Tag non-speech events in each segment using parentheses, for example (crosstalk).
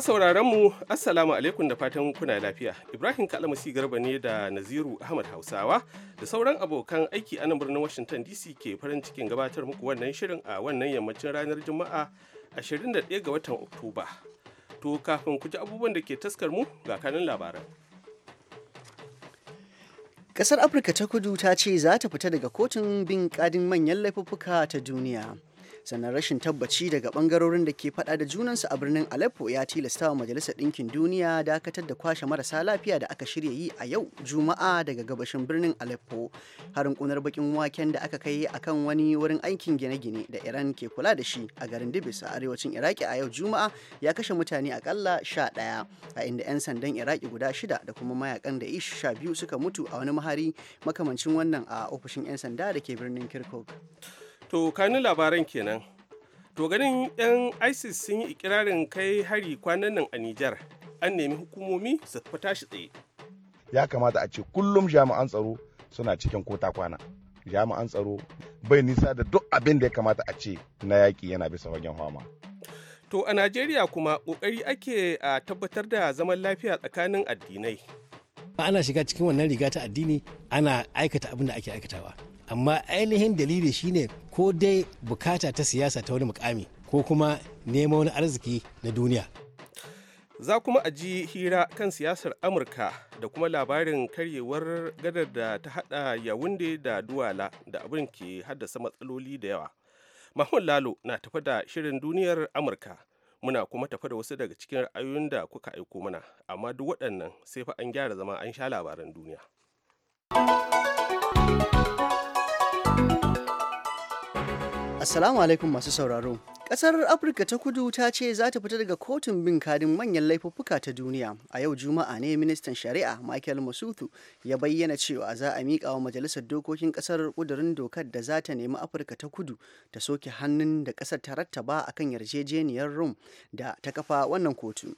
sauraron mu assalamu alaikum da fatan kuna lafiya ibrahim kalamasi garba ne da naziru ahmad hausawa da sauran abokan aiki a nan birnin washington dc ke farin cikin gabatar muku wannan shirin a wannan yammacin ranar juma'a 21 ga watan oktoba to kafin ku ji abubuwan da ke taskar mu ga kanin labaran kasar afirka ta kudu ta ce za ta fita daga kotun bin kadin manyan laifuffuka ta duniya sannan rashin tabbaci daga bangarorin da ke fada da junansu a birnin aleppo ya tilasta wa majalisar ɗinkin duniya dakatar da kwashe marasa lafiya da aka shirya yi a yau juma'a daga gabashin birnin aleppo harin kunar bakin waken da aka kai akan wani wurin aikin gine-gine da iran ke kula da shi a garin dibis a arewacin iraki a yau juma'a ya kashe mutane akalla sha ɗaya a inda 'yan sandan iraki guda shida da kuma mayakan da ish sha biyu suka mutu a wani mahari makamancin wannan a ofishin 'yan sanda da ke birnin kirkuk to kanin labaran kenan to ganin 'yan isis sun yi ikirarin kai hari kwanan nan a nijar an nemi hukumomi su tashi tsaye ya kamata a ce kullum jami'an tsaro suna cikin kota kwana jami'an tsaro bai nisa da duk abin da ya kamata a ce na yaƙi yana bisa wajen hama to a najeriya kuma ƙoƙari ake a tabbatar da zaman lafiya tsakanin addinai ba ana shiga cikin wannan riga ta addini ana aikata abin da ake aikatawa amma ainihin dalili shine ko dai bukata ta siyasa ta wani mukami ko kuma neman wani arziki na duniya za kuma a ji hira kan siyasar amurka da kuma labarin karyewar gadar da ta hada yawunde da duwala da abin ke haddasa matsaloli da yawa mahmud lalo na tafi da shirin duniyar amurka muna kuma tafa da wasu daga cikin ra'ayoyin da kuka aiko mana amma duk waɗannan sai fa an gyara zama an sha labaran duniya. Assalamu alaikum masu sauraro. Kasar Afirka ta kudu ta ce za ta fita daga kotun bin kadin manyan laifuffuka ta duniya. A yau Juma'a ne ministan shari'a Michael masutu ya bayyana cewa za a miƙa wa majalisar dokokin kasar kudurin dokar da za ta nemi Afirka ta kudu ta soke hannun da kasar ta rattaba akan yarjejeniyar Rome da ta kafa wannan kotu.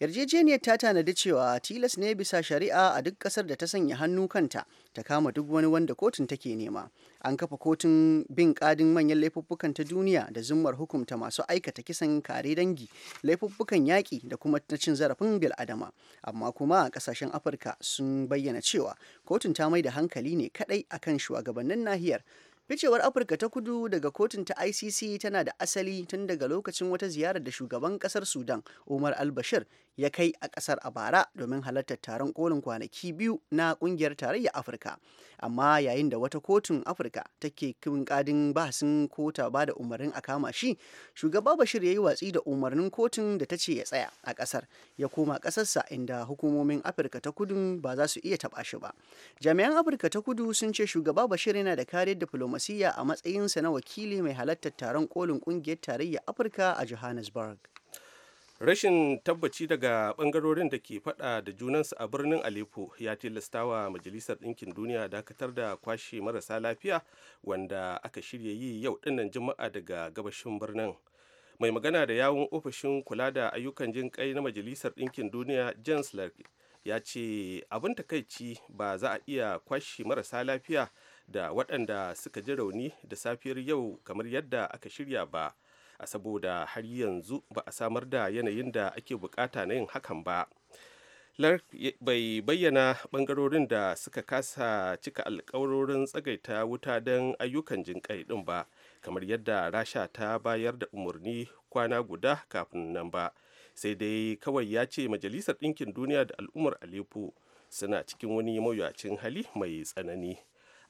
yarjejeniyar ta tanadi cewa tilas ne bisa shari'a a duk kasar da ta sanya hannu kanta ta kama duk wani wanda kotun take nema an kafa kotun bin kadin manyan laifuffukan ta duniya da zummar hukumta masu aikata kisan kare dangi laifuffukan yaƙi da kuma na cin zarafin bil'adama amma kuma kasashen afirka sun bayyana cewa kotun ta mai da hankali ne kadai akan shugabannin nahiyar ficewar afirka ta kudu daga kotun ta icc tana da asali tun daga lokacin wata ziyarar da shugaban kasar sudan umar al-bashir ya kai a ƙasar a bara domin halartar taron kolin kwanaki biyu na ƙungiyar tarayya afirka amma yayin da wata kotun afirka take kin kadin bahasin kota ba da umarnin a kama shi shugaba bashir ya yi watsi da umarnin kotun da ta ce ya tsaya a ƙasar ya koma ƙasarsa inda hukumomin afirka ta kudu ba za su iya taɓa shi ba jami'an afirka ta kudu sun ce shugaba bashir yana da kariyar diflomasiyya a matsayinsa na wakili mai halartar taron kolin ƙungiyar tarayya afirka a johannesburg rashin tabbaci daga bangarorin da ke fada da junansu a birnin aleppo ya tilasta wa majalisar ɗinkin duniya dakatar da kwashe marasa lafiya wanda aka shirya yi yau dinnan juma'a daga gabashin birnin mai magana da yawun ofishin kula da ayyukan jin kai na majalisar ɗinkin duniya james lark ya ce abin takaici ba za a iya kwashe marasa lafiya da waɗanda suka ji rauni da safiyar yau kamar yadda aka shirya ba a saboda har yanzu ba a samar da yanayin da ake bukata na yin hakan ba lark bai bayyana bangarorin da suka kasa cika alkawarorin tsagaita wuta don ayyukan jinƙaiɗin din ba kamar yadda rasha ta bayar da umarni kwana guda kafin nan ba sai dai kawai ya ce majalisar ɗinkin duniya da al'ummar aleppo suna cikin wani mawuyacin hali mai tsanani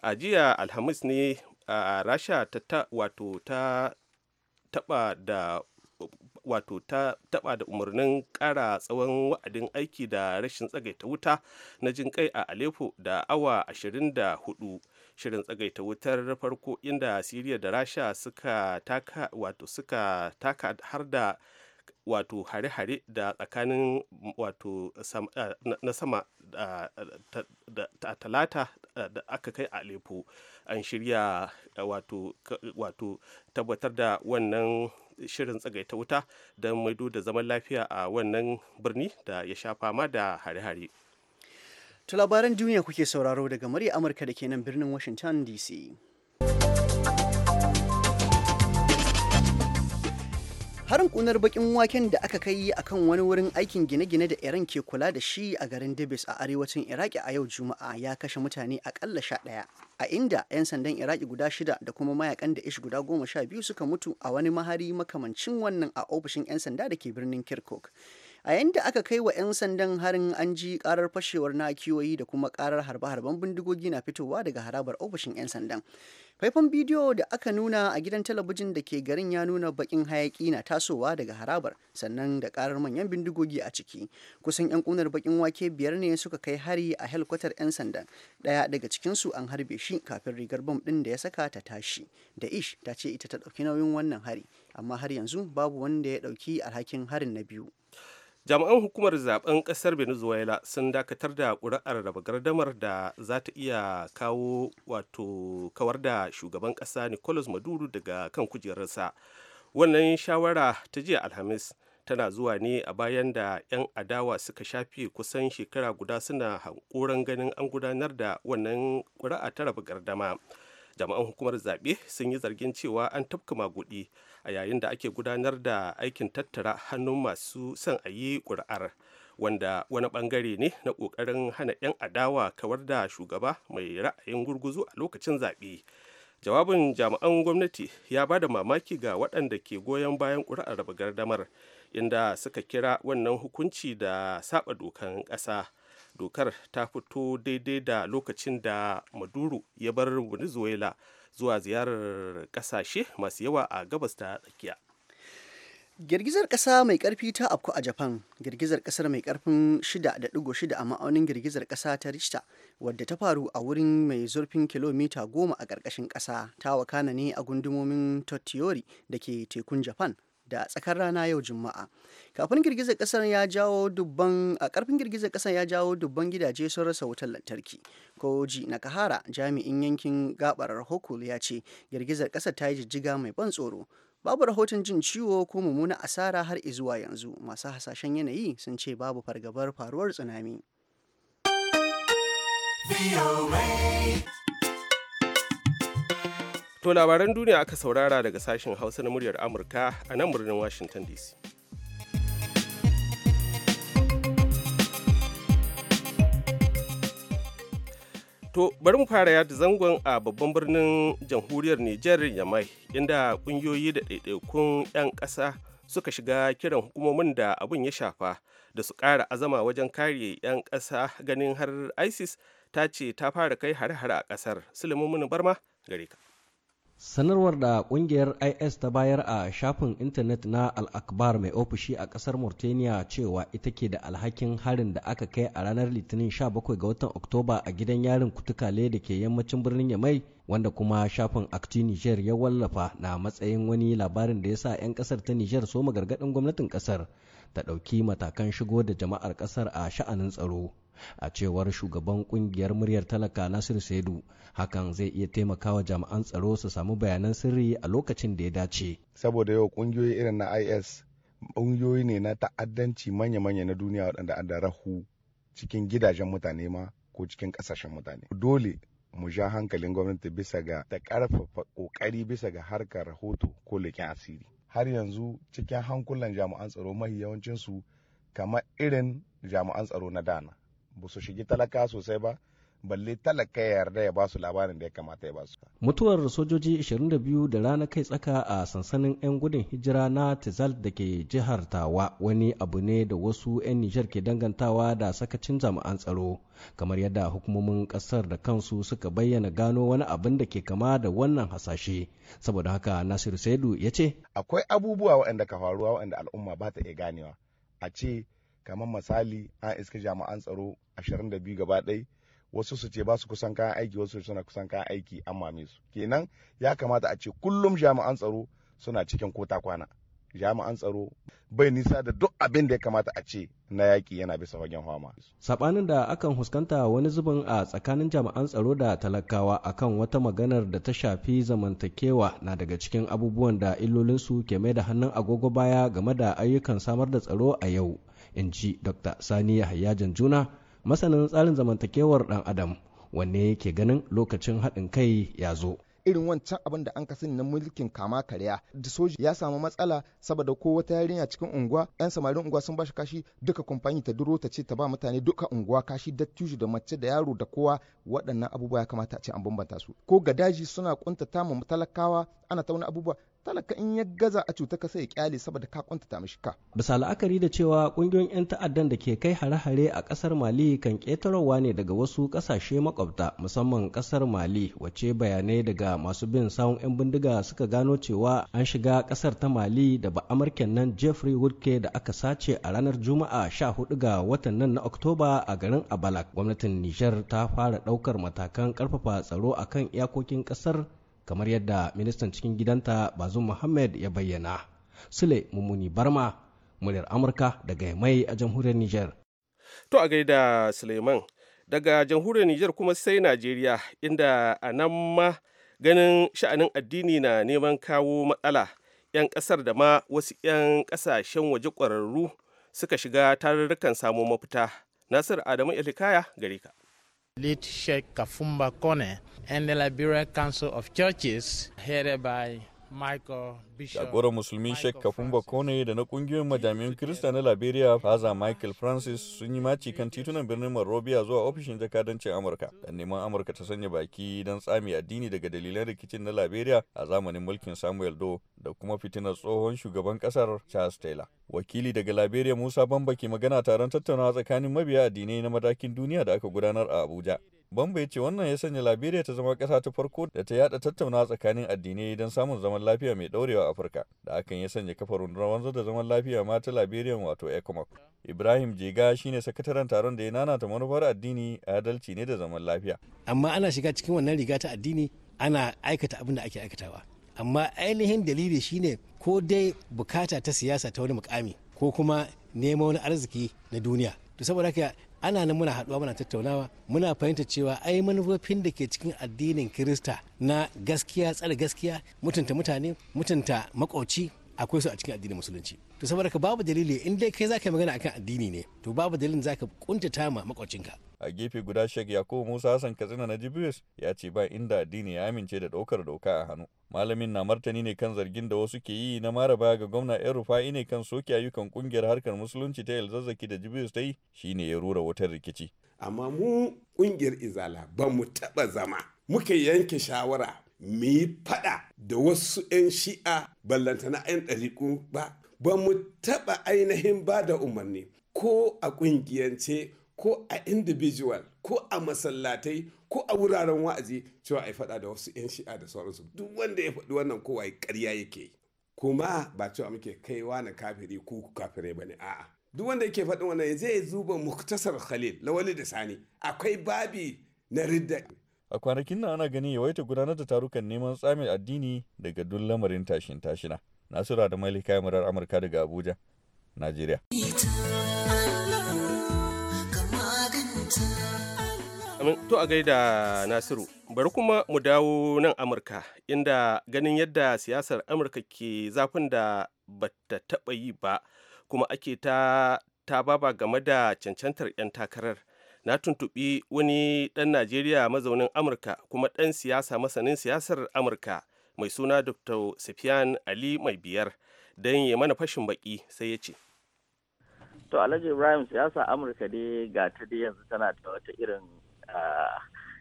a jiya alhamis ne a rasha ta wato ta taba da umarnin kara tsawon wa'adin aiki da rashin tsagaita wuta na jin kai a Aleppo da awa 24 shirin tsagaita wutar farko inda Siriya da Rasha suka taka wato suka taka har da wato hare-hare da tsakanin wato na sama da talata da aka kai a Aleppo an shirya eh, wato tabbatar da wannan shirin tsagaita wuta don maido da zaman lafiya a wannan birni da ya sha fama da hare-hare. To labaran duniya kuke sauraro daga murya Amurka da ke nan birnin Washington DC. Harin kunar bakin waken da aka kai a kan wani wurin aikin gine-gine da Iran ke kula da shi a garin Davis a arewacin Iraki a yau Juma'a ya kashe mutane akalla sha ɗaya. a inda 'yan sandan iraki guda shida da kuma mayakan da ish guda goma sha biyu suka mutu a wani mahari makamancin wannan a ofishin 'yan sanda da ke birnin kirkuk a yadda aka kai wa 'yan sandan harin an ji karar fashewar na kiwoyi da kuma karar harbe-harben bindigogi na fitowa daga harabar ofishin 'yan sandan faifan bidiyo da aka nuna a gidan talabijin da ke garin ya nuna bakin hayaki na tasowa daga harabar sannan da karar manyan bindigogi a ciki kusan 'yan kunar bakin wake biyar ne suka kai hari a helkwatar 'yan sandan daya daga cikinsu an harbe shi kafin rigar bom din da ya saka ta tashi da ish ta ce ita ta ɗauki nauyin wannan hari amma har yanzu babu wanda ya ɗauki alhakin harin na biyu jami'an hukumar zaben kasar venezuela sun dakatar da ƙuri'ar raba gardamar da za ta iya kawo wato kawar da shugaban ƙasa nicolas maduro daga kan kujerarsa wannan shawara ta jiya alhamis tana zuwa ne a bayan da 'yan adawa suka shafi kusan shekara guda suna hankoran ganin an gudanar da wannan ƙuri'a ta raba gardama jami'an hukumar zaɓe sun yi zargin cewa an tafka maguɗi a yayin da ake gudanar da aikin tattara hannun masu son a yi ƙuri'ar wanda wani ɓangare ne na ƙoƙarin hana 'yan adawa kawar da shugaba mai ra'ayin gurguzu a lokacin zaɓe jawabin jami'an gwamnati ya ba da mamaki ga waɗanda ke goyon bayan ƙuri'ar raba gardamar inda suka kira wannan hukunci da saba dokan ƙasa dokar ta fito daidai da lokacin da maduro ya bar venezuela zuwa ziyarar kasashe masu yawa a gabas ta tsakiya girgizar ƙasa mai karfi ta afku a japan girgizar kasar mai karfin 6.6 a ma'aunin girgizar ƙasa ta richter wadda ta faru a wurin mai zurfin kilomita 10 a ƙarƙashin ƙasa ta wakana ne a gundumomin tottiori da ke tekun japan da tsakar rana yau Juma'a. Kafin girgizar kasar ya jawo dubban a karfin girgizar kasar ya jawo dubban gidaje sun rasa wutar lantarki. Koji kahara jami'in yankin gabar Hokul ya ce girgizar kasar ta yi jijjiga mai ban tsoro. Babu rahoton jin ciwo ko mummuna asara har izuwa yanzu. Masu hasashen yanayi sun ce babu fargabar faruwar tsunami. To labaran duniya aka saurara daga sashen Hausa na muryar Amurka a nan birnin Washington DC. To bari mu fara yada zangon a babban birnin jamhuriyar Nijar Yamai inda kungiyoyi da ɗaiɗaikun 'yan ƙasa suka shiga kiran hukumomin da abin ya shafa da su ƙara azama wajen kare 'yan ƙasa ganin har ISIS ta ce ta fara kai hare-hare a ƙasar. Sulemin Barma gare ka. sanarwar da kungiyar is ta bayar a shafin intanet na al-akbar mai ofishi a kasar mauritania cewa ita ke da alhakin harin da aka kai a ranar litinin 17 ga watan oktoba a gidan yarin kutukale da ke yammacin birnin yamai wanda kuma shafin acti niger ya wallafa na matsayin wani labarin da ya sa 'yan kasar ta niger so magargadin gwamnatin kasar ta ɗauki matakan shigo da jama'ar ƙasar a sha'anin tsaro a cewar shugaban ƙungiyar muryar talaka nasiru saidu hakan zai iya taimakawa jami'an tsaro su samu bayanan sirri a lokacin da ya dace saboda yau kungiyoyi irin na is kungiyoyi ne na ta'addanci manya-manya na duniya waɗanda an da rahu cikin gidajen mutane ma ko cikin ƙasashen mutane dole mu ja hankalin gwamnati bisa ga ta ƙarfafa ƙoƙari bisa ga harkar rahoto ko leƙen asiri har yanzu cikin hankulan jami'an tsaro mahi yawancinsu kamar irin jami'an tsaro na dana ba su shigi talaka sosai ba balle talaka ya yarda ya basu labarin da ya kamata ya basu. Mutuwar sojoji 22 da rana kai tsaka a sansanin 'yan gudun hijira na Tizal da ke jihar Tawa wani abu ne da wasu 'yan Nijar ke dangantawa da sakacin jami'an tsaro kamar yadda hukumomin ƙasar da kansu suka bayyana gano wani abin da ke kama da wannan hasashe saboda haka Nasiru Saidu ya ce akwai abubuwa waɗanda ka faruwa waɗanda al'umma ba ta iya ganewa a ce kamar misali an iska jami'an tsaro 22 gaba ɗaya wasu su ce ba su kusan kayan aiki wasu suna kusan kayan aiki an mame su kenan ya kamata a ce kullum jami'an tsaro suna cikin kota kwana jami'an tsaro bai nisa da duk abin da ya kamata a ce na yaki yana bisa wajen hama. Saɓanin da akan huskanta wani zubin a tsakanin jami'an tsaro da talakawa akan wata maganar da ta shafi zamantakewa na daga cikin abubuwan da illolinsu ke mai da hannun agogo baya game da ayyukan samar da tsaro a yau. In ji Dr. Sani Yahaya Janjuna masanin tsarin zamantakewar dan adam wanne yake ganin lokacin haɗin kai ya zo irin wancan abin da an ka sani na mulkin kama karya da soji ya samu matsala saboda ko wata yarinya cikin unguwa yan samarin unguwa sun bashi kashi duka kumfani ta duro ta ce ta ba mutane duka unguwa kashi da tushe da mace da yaro da kowa waɗannan abubuwa ya kamata a ce an bambanta su ko ga daji suna kuntata mu talakawa ana tauna abubuwa talaka in ya gaza a cuta ka sai ya kyale saboda ka kwantata mishi ka bisa la'akari da cewa kungiyoyin yan ta'addan da ke kai hare-hare a kasar Mali kan ketarwa ne daga wasu kasashe makwabta musamman kasar Mali wace bayanai daga masu bin sawun yan bindiga suka gano cewa an shiga kasar ta Mali da ba Amurken nan Jeffrey Woodke da aka sace a ranar Juma'a 14 ga watan nan na Oktoba a garin Abalak gwamnatin Nijar ta fara daukar matakan karfafa tsaro akan iyakokin ƙasar. kamar yadda ministan cikin gidanta bazum muhammad ya bayyana sule mummuni barma muryar amurka daga mai a jamhuriyar niger to a gaida suleiman daga jamhuriyar niger kuma sai najeriya inda a nan ma ganin sha'anin addini na neman kawo matsala 'yan kasar da ma wasu 'yan kasashen waje ƙwararru suka shiga tarurrukan samo mafita nasir adamu ilikaya gare ka late Sheikh Kafumba Kone and the Liberia Council of Churches hereby jagoran musulmi shek kafumba kone da na kungiyoyin majami'un kirista na liberia faza michael francis sun yi maci kan titunan birnin monrovia zuwa ofishin jakadancin amurka dan neman amurka ta sanya baki don tsami addini daga dalilan rikicin na liberia a zamanin mulkin samuel do da kuma fitinar tsohon shugaban kasar charles taylor wakili daga liberia musa bamba ke magana taron tattaunawa tsakanin mabiya addinai na madakin duniya da aka gudanar a abuja Bamba ya ce wannan ya sanya Liberia ta zama ƙasa ta farko da ta yada tattaunawa tsakanin addinai don samun zaman lafiya mai ɗaurewa a Afirka. Da hakan ya sanya kafa rundunar wanzar da zaman lafiya ma ta Liberia wato ECOMAC. Ibrahim Jega shine sakataren taron da ya nanata manufar addini adalci ne da zaman lafiya. Amma ana shiga cikin wannan riga ta addini ana aikata abin da ake aikatawa. Amma ainihin dalili shine ko dai bukata ta siyasa ta wani mukami ko kuma neman wani arziki na duniya. to saboda haka ana nan muna haɗuwa muna tattaunawa muna fahimta cewa ai manufofin da ke cikin addinin kirista na gaskiya tsare gaskiya mutunta mutane mutunta makoci. akwai su a cikin addinin musulunci to saboda ka babu dalili in dai kai zaka magana akan addini ne to babu dalilin zaka kuntata ma makwacinka a gefe guda shek Yakubu Musa Hassan Katsina na Jibril ya ce ba inda addini ya amince da daukar doka a hannu malamin na martani ne kan zargin da wasu ke yi na mara baya ga gwamna yan rufa'i ne kan soke ayyukan kungiyar harkar musulunci ta yalzazzaki da jibril ta yi shine ya rura wutar rikici amma mu kungiyar izala ba mu taba zama muka yanke shawara mu yi faɗa da wasu 'yan shi'a ballantana 'yan ɗariƙo ba ba mu taɓa ainihin ba da umarni ko a ƙungiyance ko a individual ko a masallatai ko a wuraren wa'azi cewa a faɗa da wasu 'yan shi'a da sauransu duk wanda ya faɗi wannan kowa ya ƙarya yake kuma ba cewa muke kaiwa na kafiri ku kafirai ne. a'a duk wanda yake faɗin wannan zai zuba muktasar khalil lawali da sani akwai babi na ridda a kwanakin nan ana ganin yawaita gudanar da tarukan neman tsamin addini daga duk lamarin tashin tashina nasura da kayan murar amurka daga abuja najeriya to a gaida nasiru bari kuma mu dawo nan amurka inda ganin yadda siyasar amurka ke zafin da bata taɓa yi ba kuma ake ta ta baba game da cancantar 'yan takarar na tuntuɓi wani ɗan najeriya mazaunin amurka kuma ɗan siyasa masanin siyasar amurka mai suna dr sufyan ali mai biyar don ya mana fashin baki sai ya ce to alhaji ibrahim siyasa amurka dai ga ta dai yanzu tana da wata irin ah,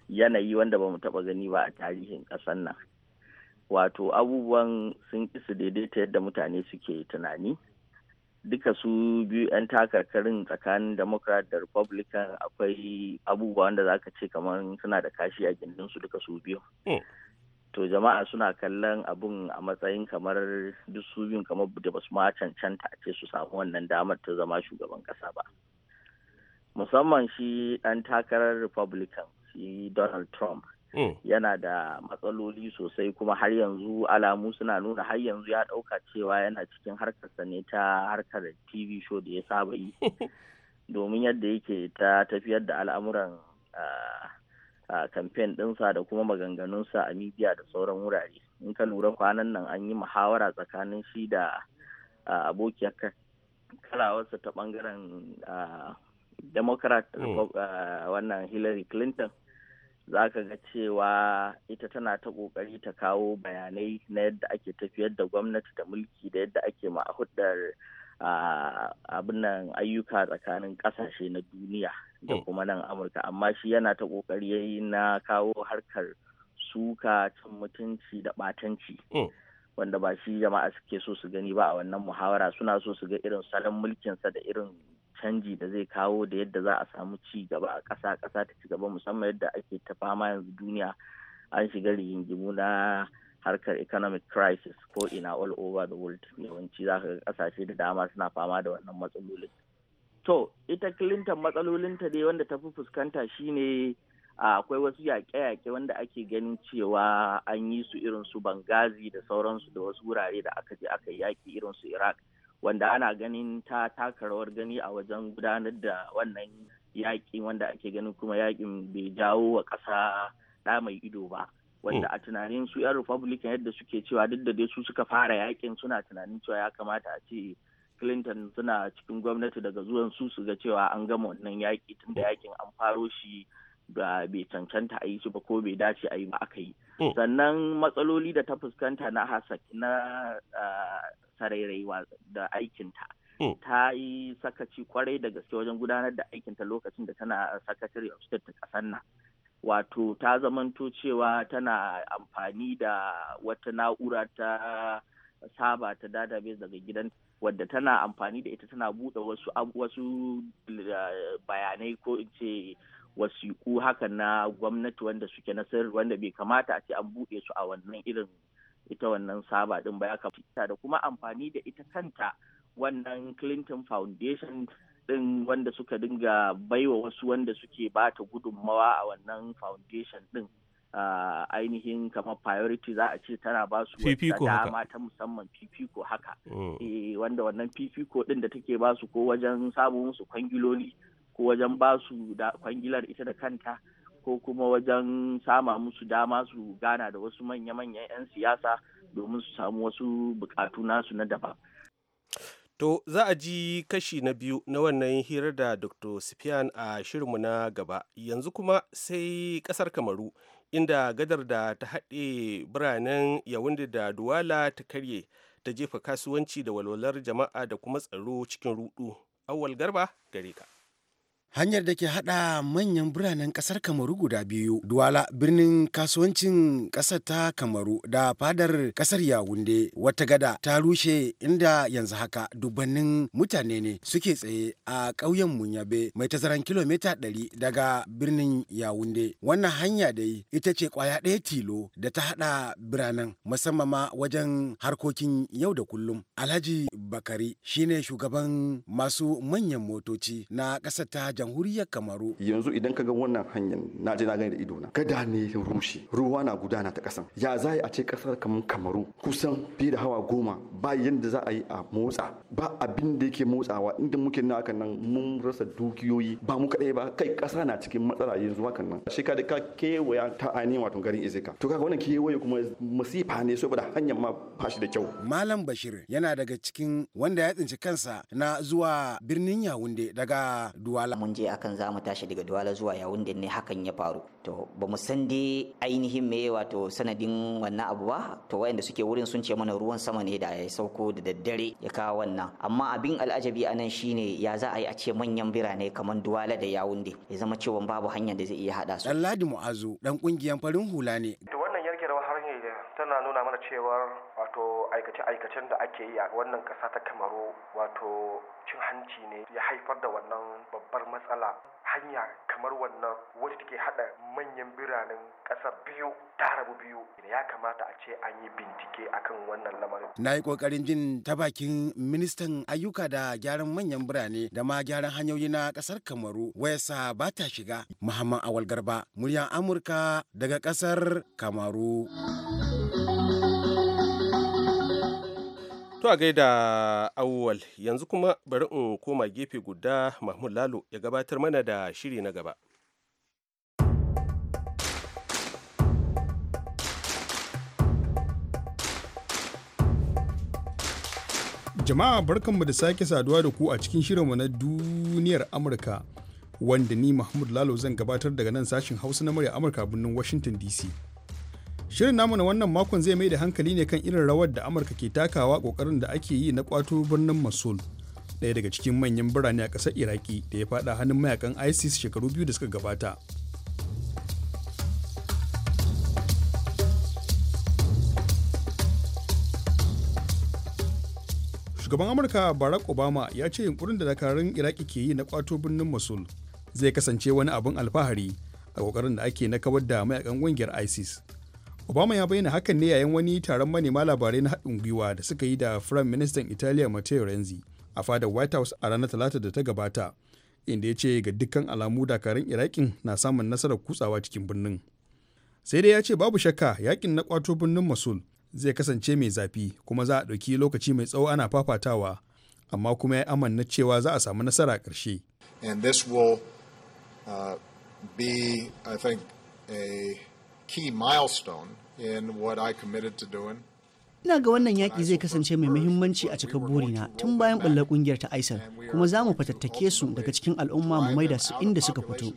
yanayi wanda ba mu taɓa gani ba a tarihin ƙasar nan wato abubuwan sun isa daidaita yadda mutane suke tunani duka su biyu 'yan takarkarin tsakanin democrat da republican akwai abubuwa wanda za ka ce kamar suna da kashi a gindinsu duka su biyu hmm. to jama'a suna kallon abun a matsayin kamar duk su biyun kamar da basu ma cancanta ce su samu wannan damar ta zama shugaban kasa ba musamman shi ɗan takarar republican shi donald trump Mm. yana da matsaloli sosai kuma har yanzu alamu suna nuna har yanzu ya ɗauka cewa yana cikin harkarsa ne ta harkar tv show da ya saba yi (laughs) domin yadda yake ta tafiyar da al'amuran kamfen ɗinsa da kuma maganganunsa a midiya da sauran wurare in ka lura kwanan nan an yi muhawara tsakanin shi da abokiyar kalawarsa ta bangaren democrat mm. wannan hillary clinton za ka ga cewa ita tana ta kokari ta kawo bayanai na yadda ake tafiyar da gwamnati da mulki da yadda ake ma'ahudar abin ayyuka tsakanin kasashe na duniya da mm. kuma nan amurka amma shi yana ta kokari yayi na kawo harkar suka cin mutunci da batanci mm. wanda ba shi jama'a suke so su gani ba a wannan muhawara suna so su ga irin salon mulkinsa da irin canji da zai kawo da yadda za a samu ci gaba a ƙasa ƙasa ta ci gaba musamman yadda ake ta fama yanzu duniya an shiga rigingimu na harkar economic crisis ko ina all over the world yawanci za ka ga ƙasashe da dama suna fama da wannan matsalolin to ita clinton ta dai wanda ta fi fuskanta shine akwai wasu yaƙe-yaƙe wanda ake ganin cewa an yi su irin su bangazi da sauransu da wasu wurare da aka je aka yaƙi irin su iraq wanda ana ganin ta taka rawar gani a wajen gudanar da wannan yaƙi wanda ake ganin kuma yakin bai jawo wa ƙasa ɗa mai ido ba wanda hmm. a tunanin su 'yan republican yadda suke cewa duk da dai su suka fara yakin suna tunanin cewa ya kamata a ce clinton suna cikin gwamnati daga zuwan su su ga cewa an gama wannan yaƙi tunda da yaƙin an faro shi bai cancanta a yi shi ba ko bai dace a yi ba aka yi hmm. sannan matsaloli da ta fuskanta na hasak na da aikinta hmm. ta yi sakaci kwarai da gaske wajen gudanar da aikinta lokacin da tana secretary of state ta kasar nan wato ta zamanto cewa tana amfani da wata na'ura ta saba ta database daga gidan wadda tana amfani da ita tana buɗe wasu wasu bayanai ko in ce wasiƙu haka na gwamnati wanda suke na sirri wanda bai kamata a ce an buɗe su a wannan irin ita wannan saba ɗin ba ya kamata da kuma amfani da ita kanta wannan Clinton Foundation ɗin wanda suka dinga baiwa wasu wanda suke ba ta gudunmawa a wannan foundation ɗin uh, ainihin kamar priority za a ce tana ba su dama ta musamman fifiko haka mm. eh, wanda wannan fifiko ɗin da take ba su ko wajen samun su kwangiloli ko wajen ba su da kwangilar ita da kanta ko kuma wajen sama musu dama su gana da wasu manya-manyan 'yan siyasa domin su samu wasu bukatu nasu na daban. To za a ji kashi na biyu na wannan hirar da Dr. Sifian a shirinmu na gaba. Yanzu kuma sai kasar Kamaru inda gadar da ta haɗe biranen Yawunde da Duwala ta karye ta jefa kasuwanci da walwalar jama'a da kuma tsaro cikin rudu. Awal Garba gare ka. hanyar da ke hada manyan biranen kasar kamaru guda biyu duwala birnin kasuwancin kasar ta kamaru da fadar kasar yawunde wata gada ta rushe inda yanzu haka dubannin mutane ne suke tsaye a ƙauyen munyabe mai tazaran kilomita 100 daga birnin yawunde wannan hanya dai ita ce kwaya ɗaya tilo da ta hada biranen musamman wajen harkokin yau da kullum alhaji bakari shine shugaban masu manyan motoci na ƙasar ta jamhuriyar kamaru yanzu idan ka ga wannan hanyar na je na gani da idona gada ne rushe ruwa na gudana ta kasan ya za a ce kasar kamar kamaru kusan fiye da hawa goma ba yadda za a yi a motsa ba abin da yake motsawa inda muke na hakan nan mun rasa dukiyoyi ba mu kaɗai ba kai kasa na cikin matsala yanzu hakan nan shi ka ka kewaya ta ani wato garin izika to kaga wannan kewaye kuma masifa ne saboda hanyar ma ba da kyau malam bashir yana daga cikin wanda ya tsinci kansa na zuwa birnin yawunde daga duwala mun je akan za mu tashi daga Duwala zuwa yawunde ne hakan ya faru to ba mu san dai ainihin me to sanadin wannan abu ba to wayanda suke wurin sun ce mana ruwan sama ne da ya sauko da daddare ya kawo wannan amma abin al'ajabi a nan shine ya za a yi a ce manyan birane kamar Duwala da yawunde ya zama cewa babu hanyar da zai iya hada su Dan Ladi Mu'azu dan kungiyar farin hula ne tana nuna mana cewar wato aikace-aikacen da ake yi a wannan kasa ta kamaru wato cin hanci ne ya haifar da wannan babbar matsala hanya kamar wannan wadda take hada manyan biranen ƙasar biyu ta rabu biyu ya kamata a ce an yi bincike akan wannan lamarin na yi kokarin jin ta bakin ministan ayyuka da gyaran manyan birane da ma gyaran hanyoyi na ƙasar kamaru wayasa ba ta shiga muhammad awal garba muryar amurka daga ƙasar kamaru. To a gaida awwal yanzu kuma bari in koma gefe guda Mahmud Lalo ya gabatar mana da shiri na gaba. Jama'a barkanmu da sake saduwa da ku a cikin shirinmu na duniyar Amurka wanda ni Mahmud Lalo zan gabatar daga nan sashin Hausa na murya Amurka birnin Washington DC. Shirin namu na wannan makon zai mai da hankali ne kan irin rawar da Amurka ke takawa kokarin da ake yi na kwato birnin Mosul, ɗaya daga cikin manyan birane a ƙasar Iraki da ya faɗa hannun mayakan ISIS shekaru biyu da suka gabata. Shugaban Amurka Barack Obama ya ce yunkurin da dakarun Iraki ke yi na kwato birnin Mosul zai kasance wani abin alfahari a kokarin da ake na kawar da mayakan ƙungiyar ISIS. obama ya bayyana hakan ne yayin wani taron manema labarai na haɗin gwiwa da suka yi da firayim ministan italiya matteo renzi a fadar white house a ranar talata da ta gabata inda ya ce ga dukkan alamu dakarun irakin na samun nasarar kutsawa cikin birnin sai dai ya ce babu shakka yakin na kwato birnin mosul zai kasance mai zafi kuma za a ɗauki lokaci mai tsawo ana fafatawa amma kuma ya amanna cewa za a samu nasara a ƙarshe. And this will uh, be, I think, a key milestone in what I committed to doing. Ina ga wannan yaƙi zai kasance mai muhimmanci a cikin burina tun bayan ɓullar ƙungiyar ta ISIL kuma za mu fatattake su daga cikin al'umma mu mai da su inda suka fito.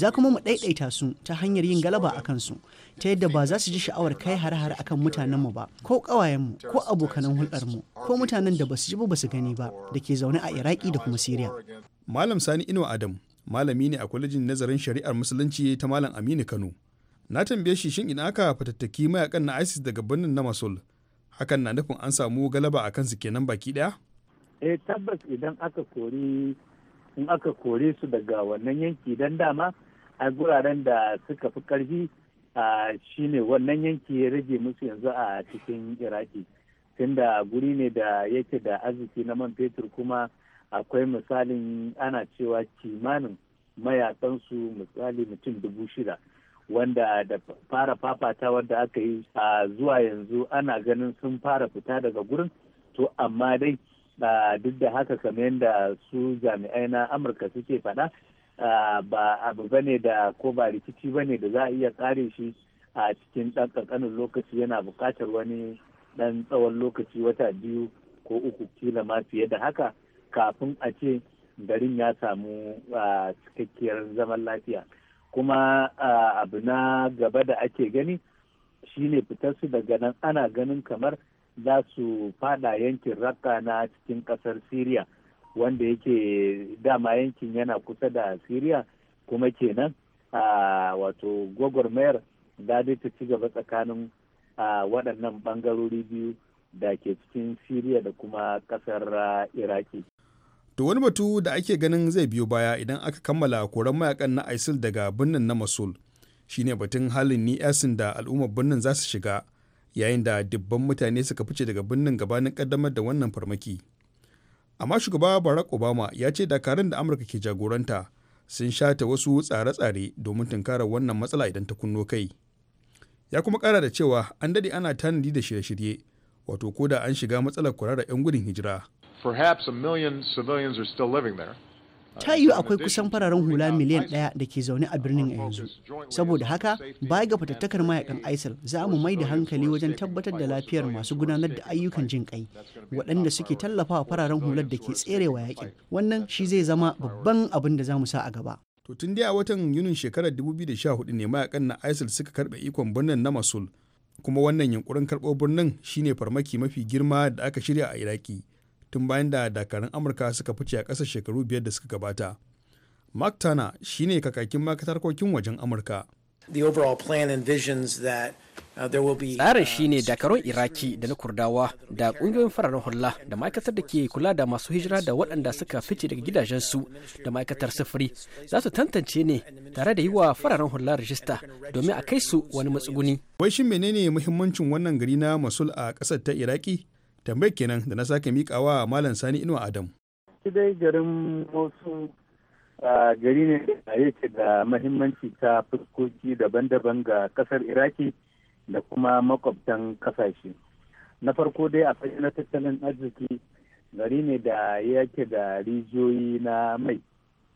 Za kuma mu ɗaiɗaita su ta hanyar yin galaba a kansu ta yadda ba za su ji sha'awar kai har-har akan mutanenmu ba ko ƙawayenmu ko abokanan hulɗarmu ko mutanen da ba su ji ba su gani ba da ke zaune a Iraki da kuma Siriya. Malam Sani Ino Adam malami ne a kwalejin nazarin shari'ar musulunci ta Malam Aminu Kano. na tambaye shi shin ina aka fatattaki mayakan na isis daga birnin na masul hakan na nufin an samu galaba a kansu kenan baki daya eh tabbas idan aka kori in aka kore su daga wannan yanki dan dama a guraren da suka fi karfi a shine wannan yanki ya rage musu yanzu a cikin iraki tunda guri ne da yake da arziki na man fetur kuma akwai misalin ana cewa kimanin mayakansu misali mutum dubu shida wanda da fara fafata wanda aka yi a zuwa yanzu ana ganin sun fara fita daga gurin to amma dai duk da haka kamar yadda su jami'ai na amurka suke faɗa ba abu bane da ko ba rikici bane da za a iya kare shi a cikin ɗan ƙanƙanin lokaci yana buƙatar wani ɗan tsawon lokaci wata biyu ko uku kila ma fiye da haka kafin a ce garin ya samu cikakkiyar zaman lafiya. kuma abu na gaba da ake gani shine fitar su daga nan ana ganin kamar za su fada yankin raka na cikin kasar syria wanda yake dama yankin yana kusa da syria kuma kenan a wato gwagwarmayar da ta ci gaba tsakanin waɗannan ɓangarori biyu da ke cikin syria da kuma ƙasar iraki To wani batu da ake ganin zai biyo baya idan aka kammala koran mayakan na ISIL daga birnin na Mosul shine batun halin ni yasin da al'ummar birnin za su shiga yayin da dubban mutane suka fice daga birnin gabanin kaddamar da wannan farmaki. Amma shugaba Barack Obama ya ce dakarun da Amurka ke jagoranta sun shata wasu tsare-tsare domin tunkarar wannan matsala idan ta kunno kai. Ya kuma kara da cewa an dade ana tanadi da shirye-shirye wato ko da an shiga matsalar kurara 'yan gudun hijira. Perhaps a million civilians are living there. ta yi uh, akwai kusan fararen hula miliyan ɗaya da ke zaune a birnin a yanzu saboda haka baya ga fatattakar mayakan isil za mu mai da hankali wajen tabbatar da lafiyar masu gudanar da ayyukan jin kai waɗanda suke tallafawa fararen hular da ke tserewa yakin wannan shi zai zama babban abin da za mu sa a gaba to tun dai a watan yunin shekarar 2014 ne mayakan na isil suka karɓe ikon birnin na masul kuma wannan yunkurin karɓo birnin shine farmaki mafi girma da aka shirya a iraki tun bayan da dakarun amurka suka fice a ƙasa shekaru biyar da suka gabata mark tana shine kakakin ma'aikatar harkokin wajen amurka uh, tsarin uh, shi ne dakarun iraki da na kurdawa da ƙungiyoyin fararen hula da ma'aikatar da ke kula da masu hijira da waɗanda suka fice daga gidajensu da ma'aikatar sufuri za su tantance ne tare da yi wa fararen hula rajista domin a kai su wani matsuguni wai shi menene muhimmancin wannan gari na masul a ƙasar ta iraki tambayi kenan da na sake mikawa malam sani inuwa adam dai garin wasu gari ne da yake da mahimmanci ta fuskoki daban-daban ga kasar iraki da kuma makwabtan kasashe na farko dai a na tattalin arziki gari ne da yake da rijiyoyi na mai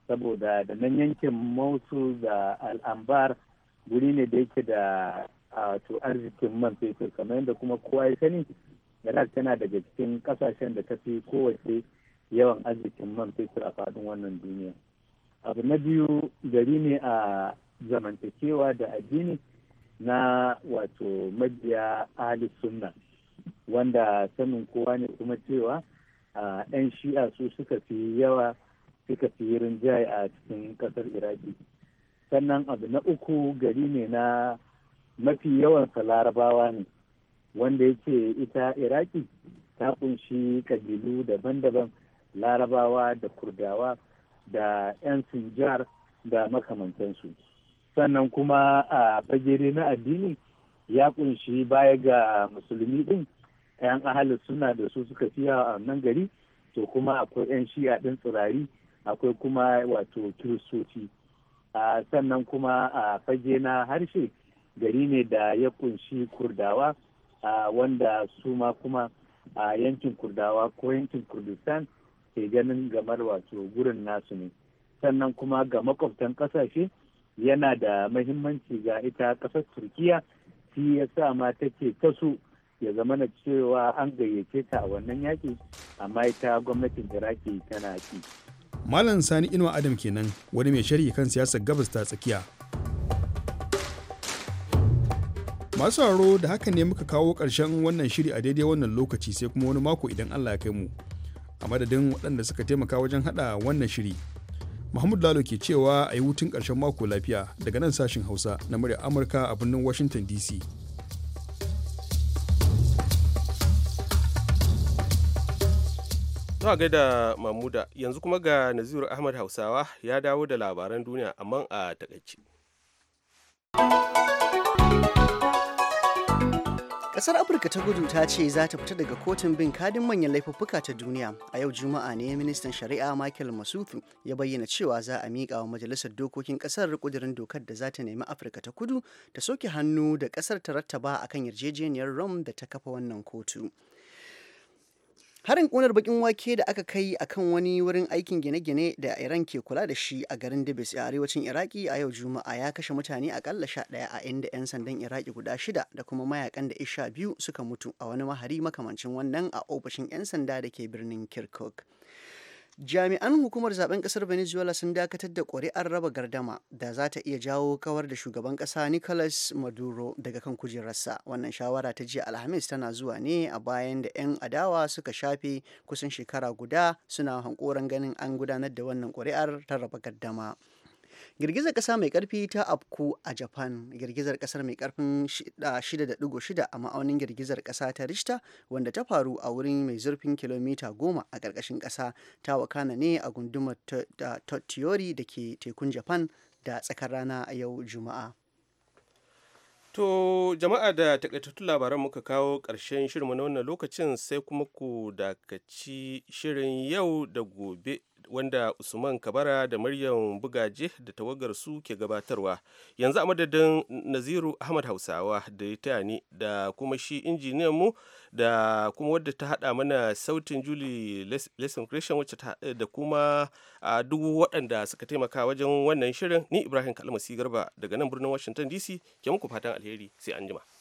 saboda da nan yankin mausu da al'ambar guri ne da yake da arzikin man fetur kamar yadda kuma kowa ya sani iraq tana daga cikin kasashen da ta fi kowace yawan arzikin man fetur a faɗin wannan duniya abu na biyu gari ne a zamantakewa da addini na wato majiya ahli sunna wanda sanin kowa ne kuma cewa a yan shi'a su suka fi yawa suka fi rinjaye a cikin ƙasar iraki sannan abu na uku gari ne na mafi yawansa larabawa ne wanda yake ita iraki ta kunshi kabilu daban-daban larabawa da kurdawa da 'yan sinjar da makamantansu sannan kuma a fagere na addini ya kunshi baya ga musulmi din 'yan ahalin suna da su suka fiya a nan gari to kuma akwai 'yan shi'a ɗin tsirari akwai kuma wato kiristoci sannan kuma a fage na harshe gari ne da ya kunshi kurdawa wanda su ma kuma a yankin kurdawa ko yankin kurdistan ke ganin gamar wato gurin nasu ne sannan kuma ga makwabtan kasashe yana da mahimmanci ga ita kasar turkiya shi ya sa ma take ta su ya zama na cewa an gayyace ta a wannan yaki amma ita gwamnatin iraki tana ci malam sani inuwa adam kenan wani mai sharhi kan siyasar gabas ta tsakiya masu sauraro da haka ne muka kawo ƙarshen wannan shiri a daidai wannan lokaci sai kuma wani mako idan Allah ya kai mu a madadin waɗanda suka taimaka wajen haɗa wannan shiri Mahmud Lalo ke cewa a yi hutun ƙarshen mako lafiya daga nan sashin Hausa na murya Amurka a birnin Washington DC. Zuwa gaida Mamuda yanzu kuma ga Naziru Ahmad Hausawa ya dawo da labaran duniya amma a takaice. Kasar Afirka ta gudu ta ce za ta fita daga kotun bin kadin manyan laifuffuka ta duniya. A yau Juma'a ne ministan shari'a Michael masufi ya bayyana cewa za a miƙa wa majalisar dokokin kasar kudirin dokar da za ta nemi Afirka ta kudu ta soke hannu da kasar ta rattaba akan yarjejeniyar rom da ta kafa wannan kotu. Harin ƙunar bakin wake da aka kai a kan wani wurin aikin gine-gine da Iran ke kula da shi a garin Dibis a arewacin Iraki a yau Juma'a ya kashe mutane akalla sha ɗaya a inda 'yan sandan Iraki guda shida da kuma mayakan da isha biyu suka mutu a wani mahari makamancin wannan a ofishin 'yan sanda da ke birnin Kirkuk. jami'an hukumar zaben kasar venezuela sun dakatar da ƙuri'ar raba gardama da za ta iya jawo kawar da shugaban ƙasa nicolas maduro daga kan kujerarsa wannan shawara ta jiya alhamis tana zuwa ne a bayan da 'yan adawa suka shafe kusan shekara guda suna hankoran ganin an gudanar da wannan ƙuri'ar ta raba gardama girgizar ƙasa mai karfi ta afku a japan girgizar kasar mai karfin 6.6 a ma'aunin girgizar kasa ta rishta wanda ta faru a wurin mai zurfin kilomita 10 a ƙarƙashin kasa ta wakana ne a gundumar tottiori da ke tekun japan da tsakar rana a yau juma'a To jama'a da takaitattun labaran muka kawo ƙarshen shirin na wannan lokacin sai kuma ku dakaci shirin yau da gobe wanda usman kabara da maryam bugaje da tawagar su ke gabatarwa yanzu a madadin naziru ahmad hausawa da ya taya ni da kuma shi injiniyan mu da kuma wadda ta hada mana sautin juli lesson christian wacce ta da kuma a duk waɗanda suka taimaka wajen wannan shirin ni ibrahim kalmasi garba daga nan birnin washington dc ke muku fatan alheri sai anjima.